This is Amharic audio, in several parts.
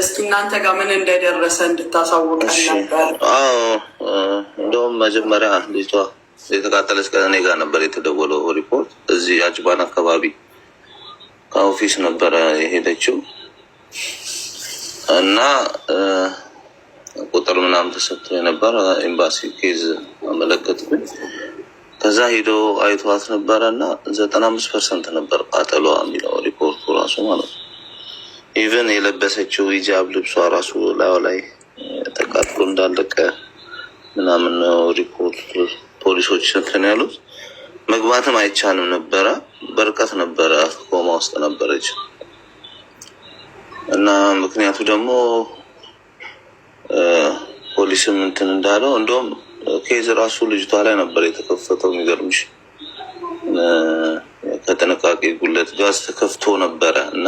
እስኪ እናንተ ጋር ምን እንደደረሰ እንድታሳውቅ ነበር። እንደውም መጀመሪያ ልጅቷ የተቃጠለች ከእኔ ጋር ነበር የተደወለው ሪፖርት። እዚህ አጅባን አካባቢ ከኦፊስ ነበረ የሄደችው እና ቁጥር ምናምን ተሰጥቶ የነበረ ኤምባሲ ኬዝ አመለከትኩኝ። ከዛ ሄዶ አይተዋት ነበረ እና ዘጠና አምስት ፐርሰንት ነበር ቃጠሏ የሚለው ሪፖርቱ ራሱ ማለት ነው ኢቨን የለበሰችው ሂጃብ ልብሷ ራሱ ላዩ ላይ ተቃጥሎ እንዳለቀ ምናምን ነው ሪፖርት ፖሊሶች እንትን ያሉት። መግባትም አይቻልም ነበረ። በርቀት ነበረ፣ ኮማ ውስጥ ነበረች እና ምክንያቱ ደግሞ ፖሊስም እንትን እንዳለው እንደውም ኬዝ ራሱ ልጅቷ ላይ ነበር የተከፈተው። የሚገርምሽ ከጥንቃቄ ጉለት ጋዝ ተከፍቶ ነበረ እና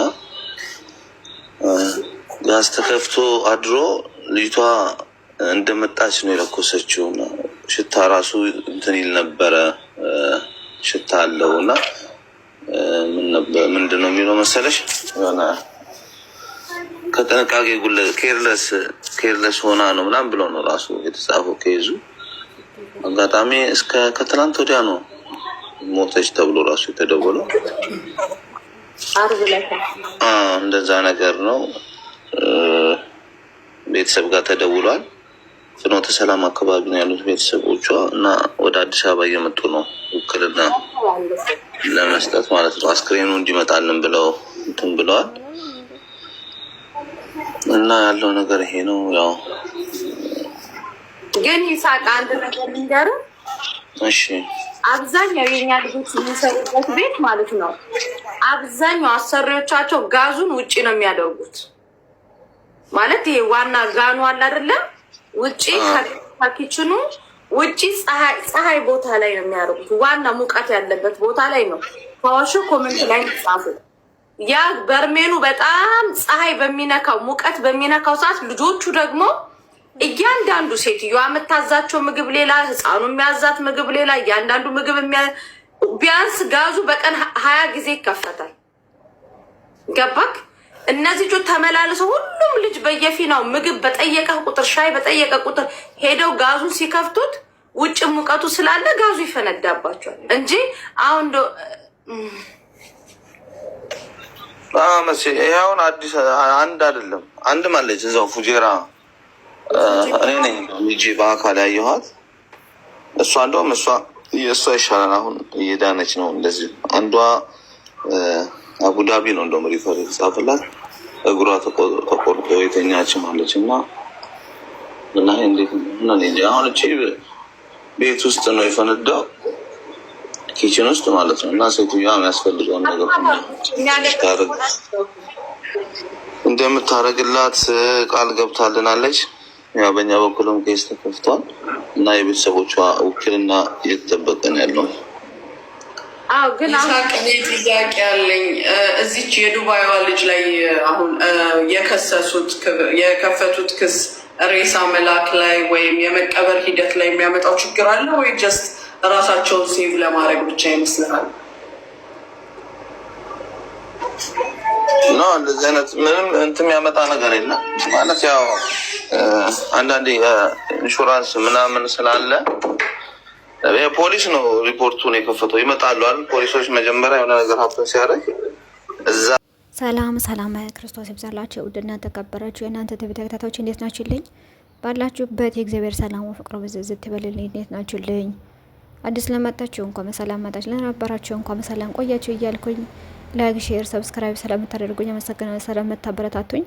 ጋዝ ተከፍቶ አድሮ ልጅቷ እንደመጣች ነው የለኮሰችው። ሽታ ራሱ እንትን ይል ነበረ፣ ሽታ አለው እና ምንድን ነው የሚለው መሰለሽ ሆነ ከጥንቃቄ ጉለ ኬርለስ ሆና ነው ምናምን ብሎ ነው ራሱ የተጻፈው። ከይዙ አጋጣሚ እስከ ከትናንት ወዲያ ነው ሞተች ተብሎ ራሱ የተደወለው። እንደዛ ነገር ነው። ቤተሰብ ጋር ተደውሏል። ፍኖተ ሰላም አካባቢ ነው ያሉት ቤተሰቦቿ እና ወደ አዲስ አበባ እየመጡ ነው ውክልና ለመስጠት ማለት ነው። አስክሬኑ እንዲመጣልን ብለው እንትን ብለዋል እና ያለው ነገር ይሄ ነው። ያው ግን ይሳቅ አንድ ነገር አብዛኛው የኛ ልጆች የሚሰሩበት ቤት ማለት ነው። አብዛኛው አሰሪዎቻቸው ጋዙን ውጭ ነው የሚያደርጉት። ማለት ይሄ ዋና ጋኑ አለ አይደለም፣ ውጭ ከኪችኑ ውጭ ፀሐይ ቦታ ላይ ነው የሚያደርጉት። ዋና ሙቀት ያለበት ቦታ ላይ ነው። ከዋሾ ኮመንት ላይ ጻፉ። ያ በርሜኑ በጣም ፀሐይ በሚነካው ሙቀት በሚነካው ሰዓት ልጆቹ ደግሞ እያንዳንዱ ሴትዮዋ የምታዛቸው ምግብ ሌላ፣ ህፃኑ የሚያዛት ምግብ ሌላ፣ እያንዳንዱ ምግብ ቢያንስ ጋዙ በቀን ሀያ ጊዜ ይከፈታል። ገባክ? እነዚህ ልጆች ተመላልሰው ሁሉም ልጅ በየፊናው ምግብ በጠየቀ ቁጥር ሻይ በጠየቀ ቁጥር ሄደው ጋዙን ሲከፍቱት ውጭ ሙቀቱ ስላለ ጋዙ ይፈነዳባቸዋል እንጂ አሁን ይሄ አሁን አዲስ አንድ አይደለም አንድ ማለች እዛው ፉጀራ እኔ ነኝ ልጅ በአካል ያየኋት። እሷ እንደውም እሷ የእሷ ይሻላል። አሁን እየዳነች ነው። እንደዚህ አንዷ አቡዳቢ ነው እንደውም ሪፈር የተጻፈላት እግሯ ተቆርጦ የተኛች ማለች እና እና እንዴት አሁን እቺ ቤት ውስጥ ነው የፈነዳው ኪችን ውስጥ ማለት ነው። እና ሴትዮዋ የሚያስፈልገውን ነገር እንደምታደርግላት ቃል ገብታልናለች። ያው በእኛ በኩልም ኬስ ተከፍቷል እና የቤተሰቦቿ ውክልና እየተጠበቀ ነው ያለው። ግን እኔ ጥያቄ ያለኝ እዚች የዱባይዋ ልጅ ላይ አሁን የከሰሱት የከፈቱት ክስ ሬሳ መላክ ላይ ወይም የመቀበር ሂደት ላይ የሚያመጣው ችግር አለ ወይ ጀስት እራሳቸውን ሴቭ ለማድረግ ብቻ ይመስልሃል? እና እንደዚህ አይነት ምንም የሚያመጣ ነገር የለም። ማለት ያው አንዳንዴ ኢንሹራንስ ምናምን ስላለ ፖሊስ ነው ሪፖርቱን የከፈተው። ይመጣሉ አይደል ፖሊሶች፣ መጀመሪያ የሆነ ነገር ሀብተን ሲያደርግ እዛ ሰላም ሰላም ክርስቶስ ይብዛላችሁ። ውድና ተከበራችሁ የእናንተ ቲቪ ተከታታዮች እንዴት ናችሁልኝ? ባላችሁበት የእግዚአብሔር ሰላሙ ፍቅሩ ብዝዝት ይበልልኝ። እንዴት ናችሁልኝ? አዲስ ለመጣችሁ እንኳን በሰላም መጣችሁ፣ ለነበራችሁ እንኳን በሰላም ቆያችሁ እያልኩኝ ላይክ፣ ሼር፣ ሰብስክራይብ ስለምታደርጉኝ አመሰግናለሁ። ስለምታበረታቱኝ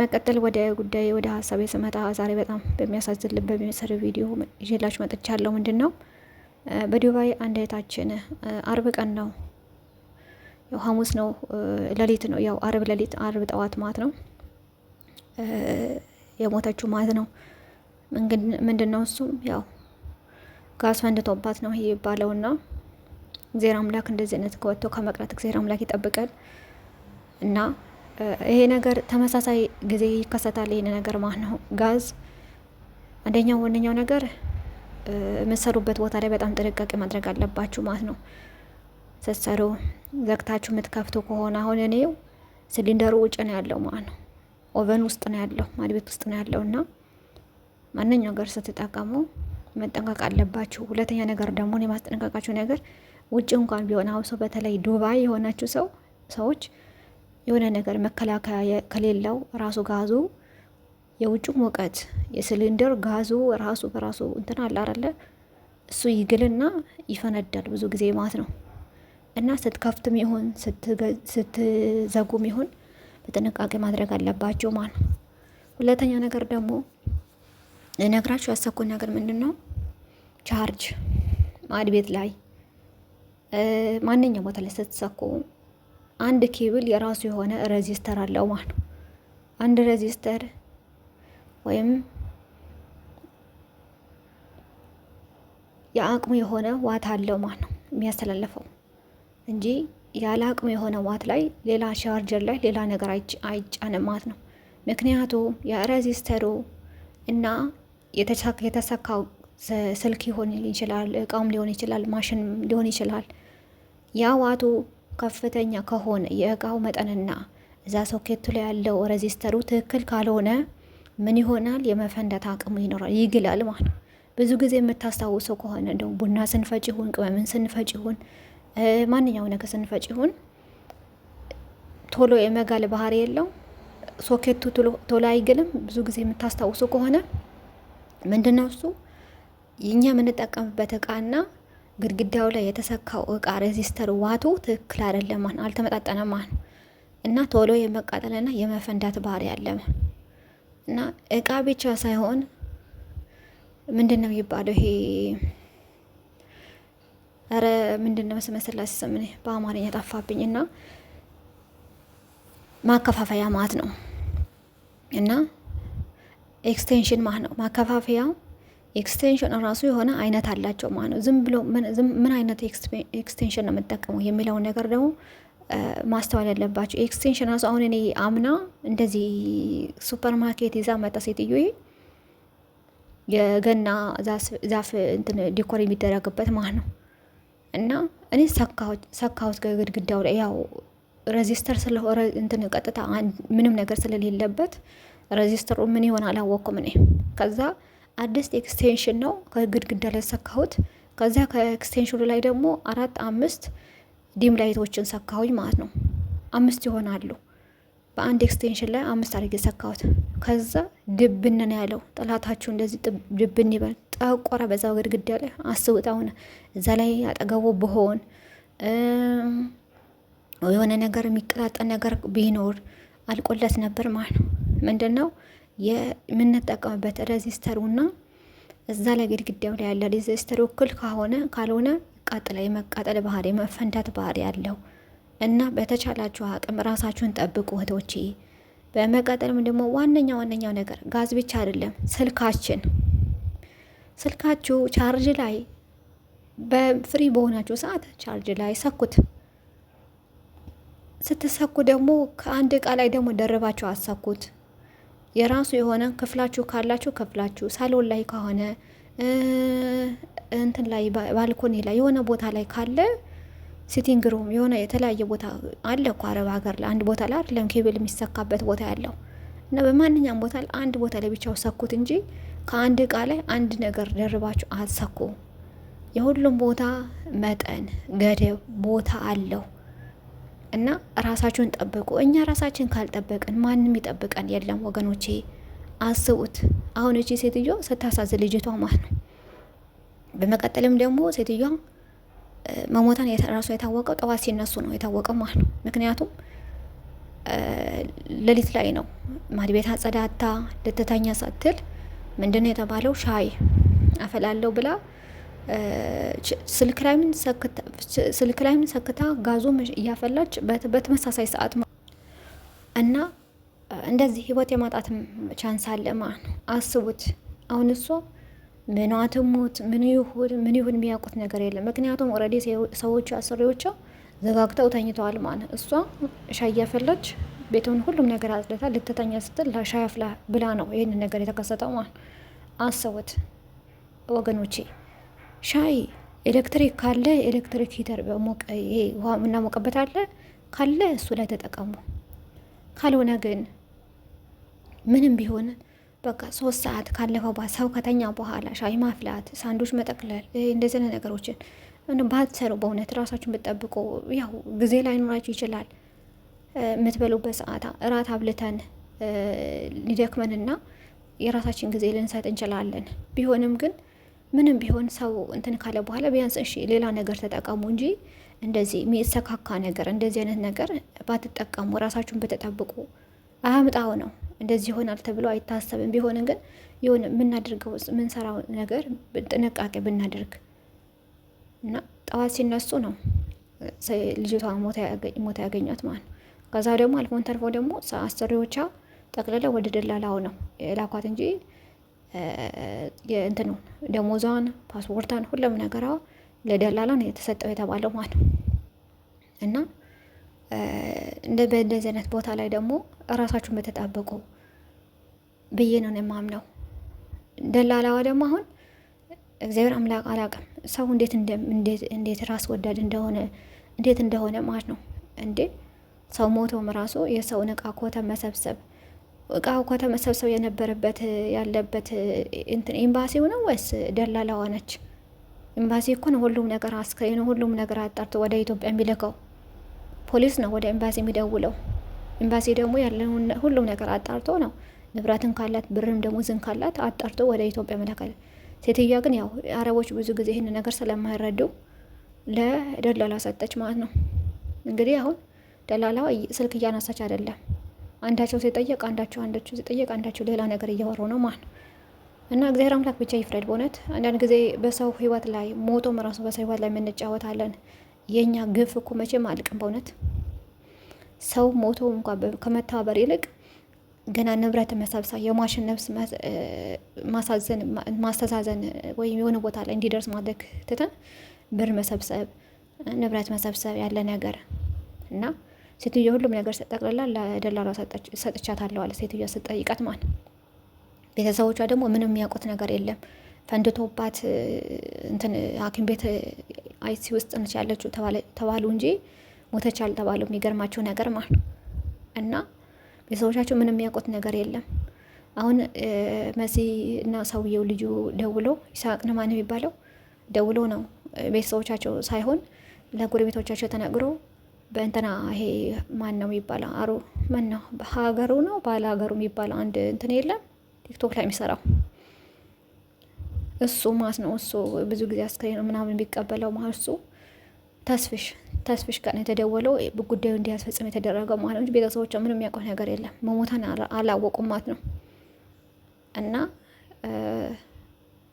መቀጠል ወደ ጉዳይ ወደ ሀሳብ የስመጣ ዛሬ በጣም በሚያሳዝን ልብ በሚሰር ቪዲዮ ይዤላችሁ መጥቻለሁ። ምንድን ነው በዱባይ አንድ እህታችን አርብ ቀን ነው ያው ሐሙስ ነው ሌሊት ነው ያው አርብ ሌሊት አርብ ጠዋት ማለት ነው የሞተችው ማለት ነው። ምንድን ነው እሱም ያው ጋስ ፈንድቶባት ነው ይባለውና እግዚአብሔር አምላክ እንደዚህ አይነት ከወጥቶ ከመቅረት እግዚአብሔር አምላክ ይጠብቃል እና ይሄ ነገር ተመሳሳይ ጊዜ ይከሰታል። ይሄን ነገር ማለት ነው ጋዝ አንደኛው ዋነኛው ነገር የምትሰሩበት ቦታ ላይ በጣም ጥንቃቄ ማድረግ አለባችሁ ማለት ነው። ስትሰሩ ዘግታችሁ የምትከፍቱ ከሆነ አሁን እኔው ሲሊንደሩ ውጭ ነው ያለው ማለት ነው። ኦቨን ውስጥ ነው ያለው፣ ማድ ቤት ውስጥ ነው ያለው እና ማንኛው ነገር ስትጠቀሙ መጠንቀቅ አለባችሁ። ሁለተኛ ነገር ደግሞ የማስጠንቀቃችሁ ነገር ውጭ እንኳን ቢሆን አሁን ሰው በተለይ ዱባይ የሆናችሁ ሰው ሰዎች የሆነ ነገር መከላከያ ከሌለው ራሱ ጋዙ የውጭ ሙቀት የሲሊንደር ጋዙ ራሱ በራሱ እንትን አለ አይደለ? እሱ ይግልና ይፈነዳል ብዙ ጊዜ ማለት ነው። እና ስትከፍትም ይሁን ስትዘጉም ይሁን በጥንቃቄ ማድረግ አለባቸው ማለት ነው። ሁለተኛ ነገር ደግሞ ነግራችሁ ያሰብኩት ነገር ምንድን ነው? ቻርጅ ማድ ቤት ላይ ማንኛው ቦታ ላይ ስትሰኩ አንድ ኬብል የራሱ የሆነ ሬዚስተር አለው ማለት ነው። አንድ ሬዚስተር ወይም የአቅሙ የሆነ ዋት አለው ማለት ነው የሚያስተላልፈው እንጂ ያለ አቅሙ የሆነ ዋት ላይ ሌላ ቻርጀር ላይ ሌላ ነገር አይጫንም ማለት ነው። ምክንያቱ የሬዚስተሩ እና የተሳካው ስልክ ሊሆን ይችላል፣ እቃውም ሊሆን ይችላል፣ ማሽን ሊሆን ይችላል። ያ ዋቱ ከፍተኛ ከሆነ የእቃው መጠንና እዛ ሶኬቱ ላይ ያለው ሬዚስተሩ ትክክል ካልሆነ ምን ይሆናል? የመፈንዳት አቅሙ ይኖራል፣ ይግላል ማለት ነው። ብዙ ጊዜ የምታስታውሰው ከሆነ እንደው ቡና ስንፈጭ ይሁን ቅመምን ስንፈጭ ይሁን ማንኛው ነገር ስንፈጭ ይሁን ቶሎ የመጋል ባህሪ የለው ሶኬቱ ቶሎ አይግልም። ብዙ ጊዜ የምታስታውሰው ከሆነ ምንድነው እሱ የእኛ የምንጠቀምበት እቃና ግድግዳው ላይ የተሰካው እቃ ሬዚስተር ዋቱ ትክክል አይደለማን አልተመጣጠነማን እና ቶሎ የመቃጠልና የመፈንዳት ባህሪ ያለም እና እቃ ብቻ ሳይሆን ምንድን ነው የሚባለው ይሄ ረ ምንድን ነው መስመስላ ሲሰምን በአማርኛ ጠፋብኝ እና ማከፋፈያ ማለት ነው እና ኤክስቴንሽን ማለት ነው ማከፋፈያው ኤክስቴንሽን እራሱ የሆነ አይነት አላቸው ማለት ነው። ዝም ብሎ ምን አይነት ኤክስቴንሽን ነው የምጠቀመው የሚለውን ነገር ደግሞ ማስተዋል ያለባቸው ኤክስቴንሽን ራሱ አሁን እኔ አምና እንደዚህ ሱፐር ማርኬት ይዛ መጣ ሴትዮ የገና ዛፍ እንትን ዲኮር የሚደረግበት ማለት ነው። እና እኔ ሰካሁት ግድግዳው ላይ ያው ሬዚስተር ስለሆነ እንትን ቀጥታ ምንም ነገር ስለሌለበት ሬዚስተሩ ምን ይሆን አላወቅኩም እኔ ከዛ አዲስ ኤክስቴንሽን ነው ከግድግዳ ላይ ሰካሁት። ከዚያ ከኤክስቴንሽኑ ላይ ደግሞ አራት አምስት ዲም ላይቶችን ሰካሁኝ ማለት ነው። አምስት ይሆናሉ። በአንድ ኤክስቴንሽን ላይ አምስት አድርጌ ሰካሁት። ከዛ ድብን ነው ያለው። ጠላታችሁ እንደዚህ ድብን ይበል። ጠቆረ በዛ ግድግዳ ላይ አስቡት። አሁን እዛ ላይ አጠገቡ ብሆን የሆነ ነገር የሚቀጣጠል ነገር ቢኖር አልቆለት ነበር ማለት ነው። ምንድን ነው የምንጠቀምበት ሬዚስተሩና እዛ ላይ ግድግዳው ላይ ያለ ሬዚስተር እኩል ከሆነ ካልሆነ ይቃጥላል። የመቃጠል ባህሪ፣ የመፈንዳት ባህሪ ያለው እና በተቻላችሁ አቅም ራሳችሁን ጠብቁ እህቶቼ። በመቀጠልም ደግሞ ዋነኛ ዋነኛው ነገር ጋዝ ብቻ አይደለም፣ ስልካችን ስልካችሁ ቻርጅ ላይ በፍሪ በሆናችሁ ሰዓት ቻርጅ ላይ ሰኩት። ስትሰኩ ደግሞ ከአንድ እቃ ላይ ደግሞ ደርባችሁ አሰኩት። የራሱ የሆነ ክፍላችሁ ካላችሁ ክፍላችሁ፣ ሳሎን ላይ ከሆነ እንትን ላይ ባልኮኒ ላይ የሆነ ቦታ ላይ ካለ ሲቲንግ ሩም የሆነ የተለያየ ቦታ አለ እኮ አረብ ሀገር ላይ አንድ ቦታ ላይ አይደለም ኬብል የሚሰካበት ቦታ ያለው እና በማንኛውም ቦታ ላይ አንድ ቦታ ላይ ብቻው ሰኩት እንጂ ከአንድ እቃ ላይ አንድ ነገር ደርባችሁ አትሰኩ። የሁሉም ቦታ መጠን ገደብ ቦታ አለው። እና ራሳችሁን ጠብቁ። እኛ ራሳችን ካልጠበቅን ማንም ይጠብቀን የለም ወገኖቼ። አስቡት አሁን እቺ ሴትዮ ስታሳዝ ልጅቷ ማለት ነው። በመቀጠልም ደግሞ ሴትዮ መሞታን ራሱ የታወቀው ጠዋት ሲነሱ ነው የታወቀው ማለት ነው። ምክንያቱም ሌሊት ላይ ነው ማድቤት አጸዳታ ልትተኛ ሳትል ምንድነው የተባለው ሻይ አፈላለው ብላ ስልክ ላይ ምን ሰክታ ጋዞ እያፈላች በተመሳሳይ ሰዓት እና እንደዚህ ህይወት የማጣት ቻንስ አለ ማለት አስቡት አሁን እሷ ምናትሙት ምን ይሁን ምን ይሁን የሚያውቁት ነገር የለም። ምክንያቱም ኦልሬዲ ሰዎቹ አሰሪዎቿ ዘጋግተው ተኝተዋል ማለት እሷ ሻይ እያፈላች ቤቱን ሁሉም ነገር አጽድታ ልትተኛ ስትል ሻይ አፍላ ብላ ነው ይህንን ነገር የተከሰተው ማለት አስቡት ወገኖቼ። ሻይ ኤሌክትሪክ ካለ ኤሌክትሪክ ሂተር በሞቀ ይሄ ውሃ የምናሞቀበት አለ ካለ እሱ ላይ ተጠቀሙ። ካልሆነ ግን ምንም ቢሆን በቃ ሶስት ሰዓት ካለፈው ሰው ከተኛ በኋላ ሻይ ማፍላት፣ ሳንዶች መጠቅለል እንደዚህ ነገሮችን ባትሰሩ በእውነት ራሳችሁን ብትጠብቁ። ያው ጊዜ ላይኖራችሁ ይችላል። የምትበሉበት ሰዓት እራት አብልተን ሊደክመንና የራሳችን ጊዜ ልንሰጥ እንችላለን። ቢሆንም ግን ምንም ቢሆን ሰው እንትን ካለ በኋላ ቢያንስ እሺ ሌላ ነገር ተጠቀሙ እንጂ እንደዚህ የሚሰካካ ነገር እንደዚህ አይነት ነገር ባትጠቀሙ ራሳችሁን ብትጠብቁ አያምጣው ነው። እንደዚህ ይሆናል ተብሎ አይታሰብም። ቢሆንም ግን የሆነ የምናደርገው የምንሰራው ነገር ጥንቃቄ ብናደርግ እና ጠዋት ሲነሱ ነው ልጅቷ ሞታ ያገኛት ማለት ነው። ከዛ ደግሞ አልፎን ተርፎ ደግሞ አሰሪዎቿ ጠቅልለው ወደ ደላላው ነው የላኳት እንጂ እንትኑን ደሞዛን፣ ፓስፖርታን ሁሉም ነገሯ ለደላላ ነው የተሰጠው የተባለው ማለት ነው። እና በእንደዚህ አይነት ቦታ ላይ ደግሞ እራሳችሁን በተጣበቁ ብዬ ነው የማምነው። ደላላዋ ደግሞ አሁን እግዚአብሔር አምላክ አላውቅም ሰው እንዴት እንዴት ራስ ወዳድ እንደሆነ እንዴት እንደሆነ ማለት ነው። እንዴ ሰው ሞቶም ራሱ የሰውን እቃ ኮተ መሰብሰብ እቃው ከተመሰብሰብ የነበረበት ያለበት እንትን ኤምባሲው ነው ወይስ ደላላዋ ነች? ኤምባሲ እኮ ነው ሁሉም ነገር አስክሬኑ፣ ሁሉም ነገር አጣርቶ ወደ ኢትዮጵያ የሚልከው ፖሊስ ነው ወደ ኤምባሲ የሚደውለው። ኤምባሲ ደግሞ ያለውን ሁሉም ነገር አጣርቶ ነው ንብረትን ካላት ብርም ዝን ካላት አጣርቶ ወደ ኢትዮጵያ መላካል። ሴትዮዋ ግን ያው አረቦች ብዙ ጊዜ ይህን ነገር ስለማይረዱ ለደላላ ሰጠች ማለት ነው። እንግዲህ አሁን ደላላዋ ስልክ እያነሳች አይደለም አንዳቸው ሲጠየቅ አንዳቸው አንዳቸው ሲጠየቅ አንዳቸው ሌላ ነገር እያወሩ ነው ማለት እና እግዚአብሔር አምላክ ብቻ ይፍረድ። በእውነት አንዳንድ ጊዜ በሰው ህይወት ላይ ሞቶም ራሱ በሰው ህይወት ላይ የምንጫወታለን። የእኛ ግፍ እኮ መቼም አልቅም። በእውነት ሰው ሞቶ እንኳ ከመተባበር ይልቅ ገና ንብረት መሰብሰብ የማሽን ነፍስ ማሳዘን ማስተዛዘን ወይም የሆነ ቦታ ላይ እንዲደርስ ማድረግ ትተን ብር መሰብሰብ፣ ንብረት መሰብሰብ ያለ ነገር እና ሴትዮ ሁሉም ነገር ስጠቅልላ ለደላሏ ሰጥቻታለሁ አለ። ሴትዮ ስጠይቃት ማን ቤተሰቦቿ ደግሞ ምንም የሚያውቁት ነገር የለም። ፈንድቶባት እንትን ሀኪም ቤት አይሲ ውስጥ ነች ያለችው ተባሉ እንጂ ሞተች አልተባሉ። የሚገርማቸው ነገር ማን እና ቤተሰቦቻቸው ምንም የሚያውቁት ነገር የለም። አሁን መሲ እና ሰውየው ልጁ ደውሎ ይስሐቅ ነው ማን የሚባለው ደውሎ ነው ቤተሰቦቻቸው ሳይሆን ለጎረቤቶቻቸው ተነግሮ በእንትና ይሄ ማን ነው የሚባለው? አሮ ምን ነው በሀገሩ ነው ባለ ሀገሩ የሚባለው አንድ እንትን የለም ቲክቶክ ላይ የሚሰራው እሱ ማለት ነው። እሱ ብዙ ጊዜ አስክሬን ምናምን የሚቀበለው ማለት እሱ ተስፍሽ ተስፍሽ ጋር የተደወለው ጉዳዩ እንዲያስፈጽም የተደረገው ማለት ነው። ቤተሰቦቿ ምንም የሚያውቁት ነገር የለም መሞታን አላወቁም ማለት ነው። እና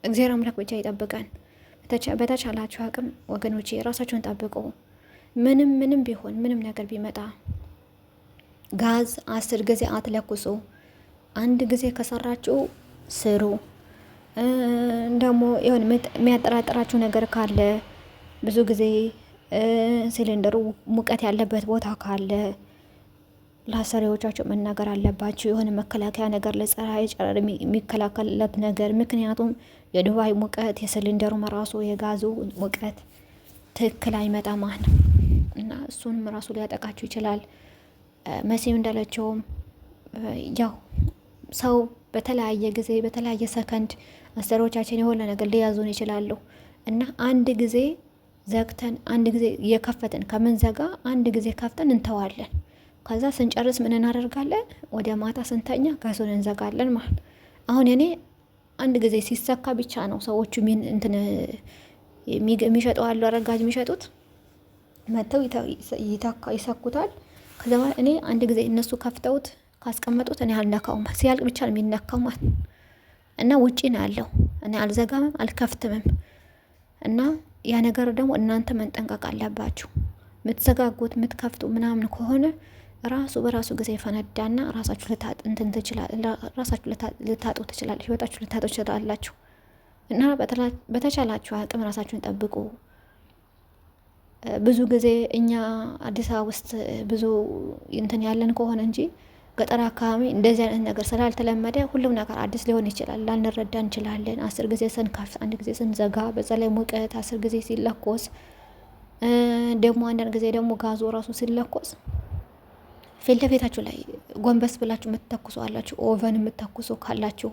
እግዚአብሔር አምላክ ብቻ ይጠብቀን። በተቻላችሁ አቅም ወገኖቼ ራሳችሁን ጠብቁ። ምንም ምንም ቢሆን ምንም ነገር ቢመጣ ጋዝ አስር ጊዜ አትለኩሱ። አንድ ጊዜ ከሰራችሁ ስሩ። ደግሞ የሆነ የሚያጠራጥራችሁ ነገር ካለ ብዙ ጊዜ ሲሊንደሩ ሙቀት ያለበት ቦታ ካለ ለአሰሪዎቻቸው መናገር አለባቸው። የሆነ መከላከያ ነገር ለፀሐይ ጨረር የሚከላከልለት ነገር ምክንያቱም የዱባይ ሙቀት የሲሊንደሩ መራሱ የጋዙ ሙቀት ትክክል አይመጣም ማለት ነው። እና እሱንም ራሱ ሊያጠቃችሁ ይችላል። መሲም እንዳለችውም ያው ሰው በተለያየ ጊዜ በተለያየ ሰከንድ መሰሪዎቻችን የሆነ ነገር ሊያዙን ይችላሉ እና አንድ ጊዜ ዘግተን አንድ ጊዜ እየከፈትን ከምን ዘጋ አንድ ጊዜ ከፍተን እንተዋለን። ከዛ ስንጨርስ ምን እናደርጋለን? ወደ ማታ ስንተኛ ከሱን እንዘጋለን ማለት። አሁን እኔ አንድ ጊዜ ሲሰካ ብቻ ነው ሰዎቹ እንትን አሉ አረጋጅ የሚሸጡት መጥተው ይሰኩታል። ከዛ በኋላ እኔ አንድ ጊዜ እነሱ ከፍተውት ካስቀመጡት እኔ አልነካውም። ሲያልቅ ብቻ ነው የሚነካው ማለት እና ውጪ ነው ያለው። እኔ አልዘጋምም፣ አልከፍትምም። እና ያ ነገር ደግሞ እናንተ መንጠንቀቅ አለባችሁ። የምትዘጋጉት የምትከፍቱ ምናምን ከሆነ ራሱ በራሱ ጊዜ ፈነዳና ራሳችሁ ልታጡ ትችላለች፣ ህይወታችሁ ልታጡ ትችላላችሁ። እና በተቻላችሁ አቅም ራሳችሁን ጠብቁ። ብዙ ጊዜ እኛ አዲስ አበባ ውስጥ ብዙ እንትን ያለን ከሆነ እንጂ ገጠር አካባቢ እንደዚህ አይነት ነገር ስላልተለመደ ሁሉም ነገር አዲስ ሊሆን ይችላል። ላንረዳ እንችላለን። አስር ጊዜ ስንከፍት፣ አንድ ጊዜ ስንዘጋ፣ በዛ ላይ ሙቀት አስር ጊዜ ሲለኮስ ደግሞ አንዳንድ ጊዜ ደግሞ ጋዙ ራሱ ሲለኮስ ፊት ለፊታችሁ ላይ ጎንበስ ብላችሁ የምትተኩሱ አላችሁ። ኦቨን የምትተኩሱ ካላችሁ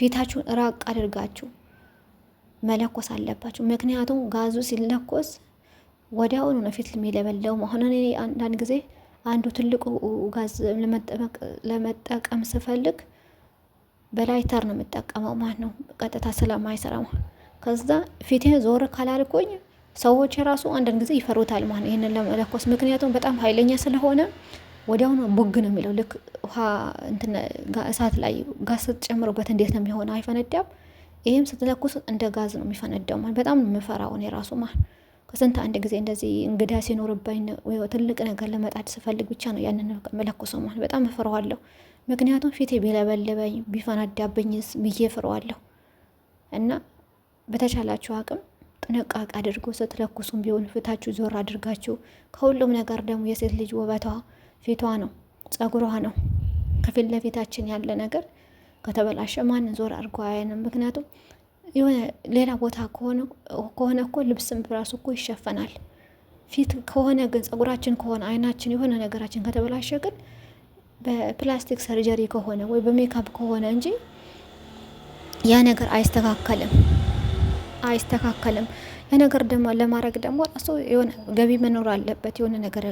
ፊታችሁን ራቅ አድርጋችሁ መለኮስ አለባችሁ። ምክንያቱም ጋዙ ሲለኮስ ወዲያውኑ ነው ፊት የሚለበለውም። አሁን አንዳንድ ጊዜ አንዱ ትልቁ ጋዝ ለመጠቀም ስፈልግ በላይተር ነው የምጠቀመው ማለት ነው፣ ቀጥታ ስለማይሰራ ከዛ ፊቴ ዞር ካላልኩኝ ሰዎች የራሱ አንዳንድ ጊዜ ይፈሩታል ማለት ነው ይህንን ለመለኮስ። ምክንያቱም በጣም ኃይለኛ ስለሆነ ወዲያውኑ ቡግ ነው የሚለው። ልክ ውሃ እሳት ላይ ጋዝ ስትጨምሩበት እንዴት ነው የሚሆነ? አይፈነዳም። ይህም ስትለኩስ እንደ ጋዝ ነው የሚፈነዳው ማለት በጣም ነው የምፈራውን የራሱ ማለት ከስንት አንድ ጊዜ እንደዚህ እንግዳ ሲኖርብኝ ትልቅ ነገር ለመጣድ ስፈልግ ብቻ ነው ያንን መለኮሰ ማለት በጣም እፍረዋለሁ። ምክንያቱም ፊቴ ቢለበልበኝ ቢፈናዳብኝስ ብዬ እፈራዋለሁ። እና በተቻላችሁ አቅም ጥንቃቄ አድርጎ ስትለኩሱም ቢሆን ፊታችሁ ዞር አድርጋችሁ። ከሁሉም ነገር ደግሞ የሴት ልጅ ውበቷ ፊቷ ነው፣ ጸጉሯ ነው። ከፊት ለፊታችን ያለ ነገር ከተበላሸ ማንን ዞር አድርጎ አያንም። ምክንያቱም የሆነ ሌላ ቦታ ከሆነ እኮ ልብስም ራሱ እኮ ይሸፈናል። ፊት ከሆነ ግን ጸጉራችን ከሆነ አይናችን የሆነ ነገራችን ከተበላሸ ግን በፕላስቲክ ሰርጀሪ ከሆነ ወይ በሜካፕ ከሆነ እንጂ ያ ነገር አይስተካከልም አይስተካከልም። ያ ነገር ደግሞ ለማድረግ ደግሞ ራሱ የሆነ ገቢ መኖር አለበት። የሆነ ነገር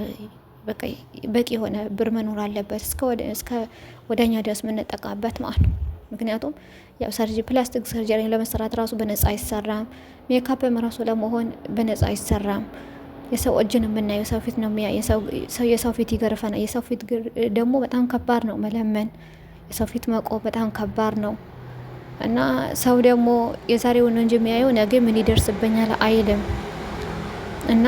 በቂ የሆነ ብር መኖር አለበት። እስከ ወደኛ ድረስ የምንጠቃበት ማለት ነው። ምክንያቱም ያው ሰርጂ ፕላስቲክ ሰርጀሪ ለመሰራት ራሱ በነጻ አይሰራም። ሜካፕም ራሱ ለመሆን በነጻ አይሰራም። የሰው እጅ ነው የምናየው፣ የሰው ፊት ነው የሚያየው። የሰው ፊት ይገርፈናል። የሰው ፊት ደግሞ በጣም ከባድ ነው መለመን፣ የሰው ፊት መቆም በጣም ከባድ ነው እና ሰው ደግሞ የዛሬውን እንጂ የሚያየው ነገ ምን ይደርስብኛል አይልም እና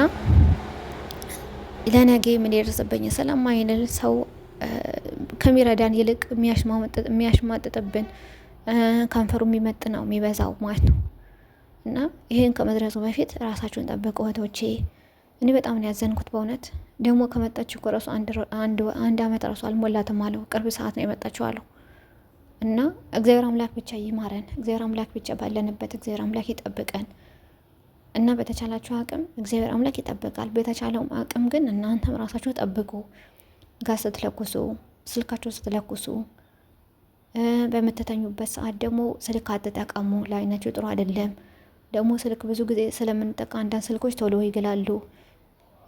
ለነገ ምን ይደርስብኝ ስለማይል ሰው ከሚረዳን ይልቅ የሚያሽማጥጥብን ከንፈሩ የሚመጥ ነው የሚበዛው ማለት ነው። እና ይህን ከመድረሱ በፊት ራሳችሁን ጠብቁ እህቶቼ። እኔ በጣም ነው ያዘንኩት በእውነት ደግሞ ከመጣችሁ እኮ ራሱ አንድ አመት ራሱ አልሞላትም አለው። ቅርብ ሰዓት ነው የመጣችው አለው። እና እግዚአብሔር አምላክ ብቻ ይማረን፣ እግዚአብሔር አምላክ ብቻ ባለንበት እግዚአብሔር አምላክ ይጠብቀን። እና በተቻላችሁ አቅም እግዚአብሔር አምላክ ይጠብቃል። በተቻለውም አቅም ግን እናንተም ራሳችሁ ጠብቁ። ጋር ስትለኩሱ፣ ስልካቸው ስትለኩሱ፣ በምትተኙበት ሰዓት ደግሞ ስልክ አትጠቀሙ። ለአይነቸው ጥሩ አይደለም። ደግሞ ስልክ ብዙ ጊዜ ስለምንጠቃ አንዳንድ ስልኮች ቶሎ ይግላሉ።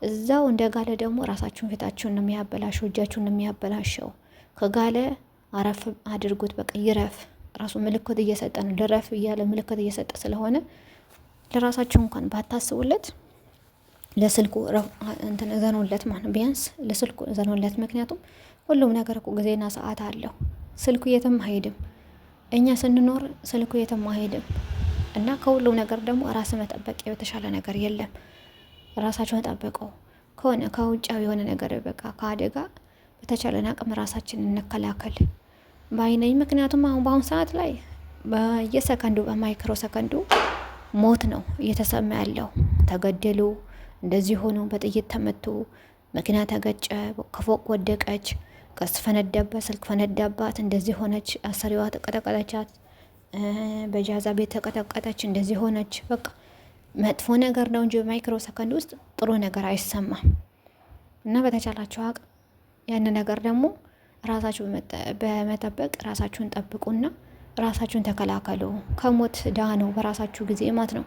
እዛው እንደ ጋለ ደግሞ ራሳችሁን ፊታችሁን ነው የሚያበላሸው፣ እጃችሁን የሚያበላሸው። ከጋለ አረፍ አድርጉት። በቃ ይረፍ። ራሱ ምልክት እየሰጠ ነው፣ ልረፍ እያለ ምልክት እየሰጠ ስለሆነ ለራሳችሁ እንኳን ባታስቡለት ለስልኩ እንትን እዘኑለት ማለት ቢያንስ ለስልኩ እዘኑለት። ምክንያቱም ሁሉም ነገር እኮ ጊዜና ሰዓት አለው። ስልኩ የትም አይሄድም። እኛ ስንኖር ስልኩ የትም አይሄድም እና ከሁሉም ነገር ደግሞ ራስ መጠበቅ የተሻለ ነገር የለም። ራሳቸውን ጠብቀው ከሆነ ከውጫዊ የሆነ ነገር በቃ ከአደጋ በተቻለን አቅም ራሳችን እንከላከል ባይነኝ። ምክንያቱም አሁን በአሁን ሰዓት ላይ በየሰከንዱ በማይክሮ ሰከንዱ ሞት ነው እየተሰማ ያለው ተገደሉ እንደዚህ ሆኖ በጥይት ተመቶ መኪና ተገጨ፣ ከፎቅ ወደቀች፣ ቀስ ፈነዳባት፣ ስልክ ፈነዳባት፣ እንደዚህ ሆነች፣ አሰሪዋ ተቀጠቀጠቻት፣ በጃዛ ቤት ተቀጠቀጠች፣ እንደዚህ ሆነች። በቃ መጥፎ ነገር ነው እንጂ በማይክሮ ሰከንድ ውስጥ ጥሩ ነገር አይሰማም። እና በተቻላችሁ አቅም ያን ነገር ደግሞ ራሳችሁ በመጠበቅ ራሳችሁን ጠብቁና ራሳችሁን ተከላከሉ። ከሞት ዳኑ በራሳችሁ ጊዜ ማለት ነው።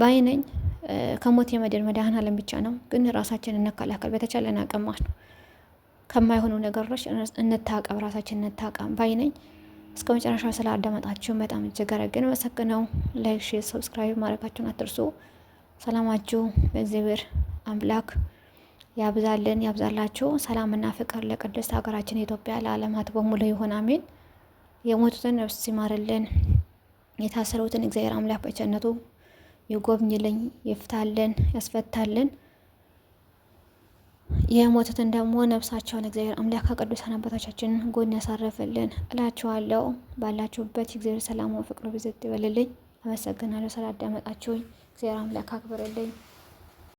ባይነኝ ከሞት የመድን መድኃኔዓለም ብቻ ነው። ግን ራሳችን እንከላከል በተቻለን አቅም ነው። ከማይሆኑ ነገሮች እንታቀብ፣ ራሳችን እንታቀም ባይነኝ። እስከ መጨረሻ ስለ አዳመጣችሁን በጣም እጅግ አረግን መሰግነው። ላይክ፣ ሼር፣ ሰብስክራይብ ማድረጋችሁን አትርሱ። ሰላማችሁ በእግዚአብሔር አምላክ ያብዛልን ያብዛላችሁ። ሰላምና ፍቅር ለቅድስት ሀገራችን ኢትዮጵያ ለዓለማት በሙሉ ይሁን አሜን። የሞቱትን ነፍስ ይማርልን፣ የታሰሩትን እግዚአብሔር አምላክ በቸነቱ ይጎብኝልኝ፣ ይፍታልን፣ ያስፈታልን። የሞቱትን ደግሞ ነፍሳቸውን እግዚአብሔር አምላክ ከቅዱሳን አባቶቻችን ጎን ያሳረፍልን እላችኋለሁ። ባላችሁበት እግዚአብሔር ሰላሙ ፍቅሩ ብዝት ይበልልኝ። አመሰግናለሁ ስላዳመጣችሁኝ። እግዚአብሔር አምላክ አክብርልኝ።